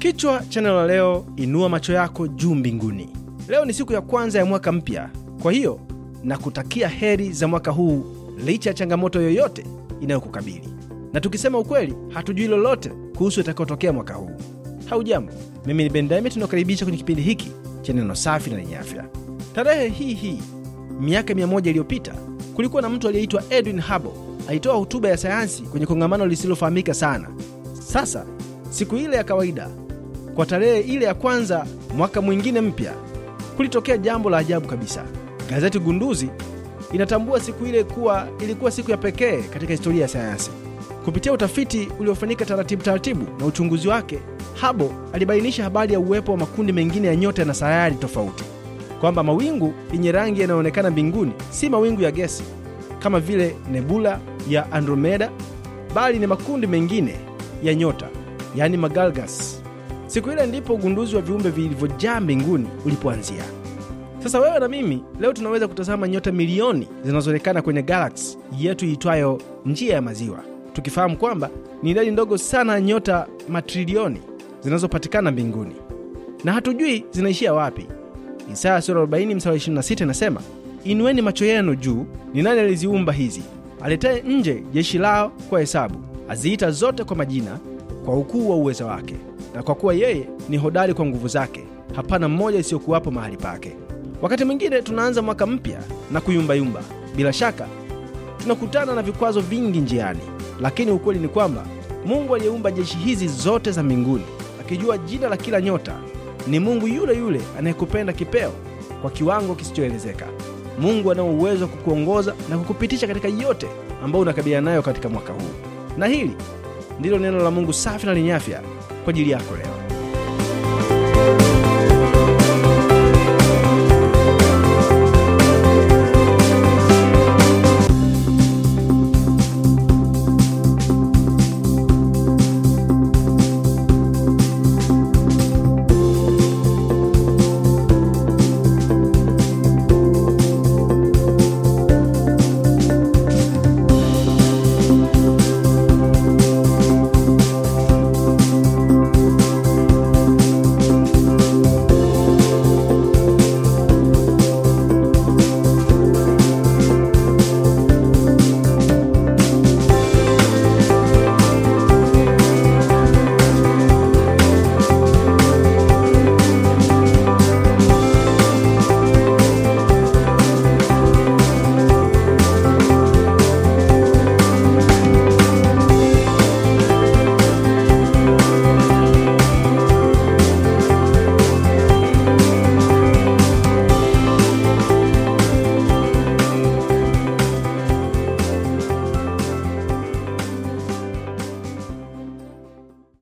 Kichwa cha neno la leo, inua macho yako juu mbinguni. Leo ni siku ya kwanza ya mwaka mpya, kwa hiyo na kutakia heri za mwaka huu, licha ya changamoto yoyote inayokukabili. Na tukisema ukweli, hatujui lolote kuhusu itakayotokea mwaka huu. Haujambo, mimi ni Ben tunakaribisha kwenye kipindi hiki cha neno safi na lenye afya. Tarehe hii hii miaka mia moja iliyopita kulikuwa na mtu aliyeitwa Edwin Hubble alitoa hotuba ya sayansi kwenye kongamano lisilofahamika sana. Sasa siku ile ya kawaida kwa tarehe ile ya kwanza mwaka mwingine mpya, kulitokea jambo la ajabu kabisa. Gazeti Gunduzi inatambua siku ile kuwa ilikuwa siku ya pekee katika historia ya sayansi. Kupitia utafiti uliofanyika taratibu taratibu na uchunguzi wake, Habo alibainisha habari ya uwepo wa makundi mengine ya nyota na sayari tofauti, kwamba mawingu yenye rangi yanayoonekana mbinguni si mawingu ya gesi kama vile nebula ya Andromeda, bali ni makundi mengine ya nyota, yaani magalgasi Siku ile ndipo ugunduzi wa viumbe vilivyojaa mbinguni ulipoanzia. Sasa wewe na mimi leo tunaweza kutazama nyota milioni zinazoonekana kwenye galaksi yetu iitwayo njia ya maziwa, tukifahamu kwamba ni idadi ndogo sana ya nyota matrilioni zinazopatikana mbinguni na hatujui zinaishia wapi. Isaya sura 40 mstari 26 inasema, inueni macho yenu juu, ni nani aliziumba hizi? Aletaye nje jeshi lao kwa hesabu, aziita zote kwa majina, kwa ukuu wa uweza wake na kwa kuwa yeye ni hodari kwa nguvu zake, hapana mmoja isiyokuwapo mahali pake. Wakati mwingine tunaanza mwaka mpya na kuyumbayumba. Bila shaka tunakutana na vikwazo vingi njiani, lakini ukweli ni kwamba Mungu aliyeumba jeshi hizi zote za mbinguni, akijua jina la kila nyota, ni Mungu yule yule anayekupenda kipeo kwa kiwango kisichoelezeka. Mungu anao uwezo wa kukuongoza na kukupitisha katika yote ambayo unakabiliana nayo katika mwaka huu. Na hili ndilo neno la Mungu safi na lenye afya kwa ajili yako leo.